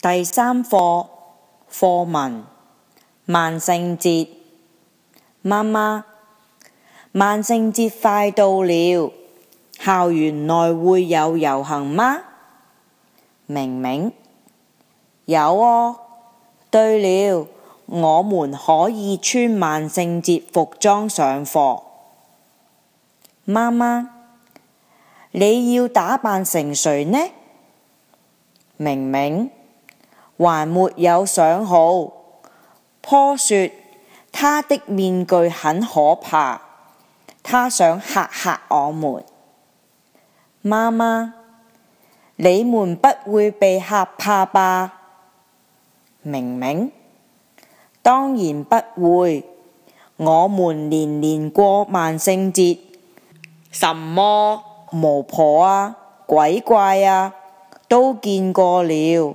第三課課文：萬聖節，媽媽，萬聖節快到了，校園內會有遊行嗎？明明，有哦。對了，我們可以穿萬聖節服裝上課。媽媽，你要打扮成誰呢？明明。還沒有想好。坡說，他的面具很可怕，他想嚇嚇我們。媽媽，你們不會被嚇怕吧？明明，當然不會。我們年年過萬聖節，什麼巫婆啊、鬼怪啊，都見過了。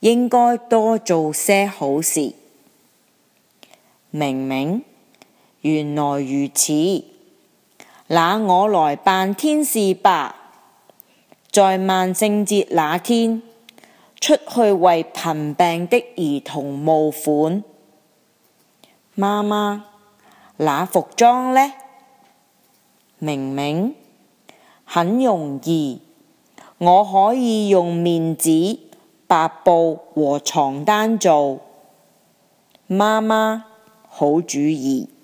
應該多做些好事。明明，原來如此，那我來辦天事吧。在萬聖節那天，出去為貧病的兒童募款。媽媽，那服裝呢？明明很容易，我可以用面紙。白布和床單做，媽媽好主意。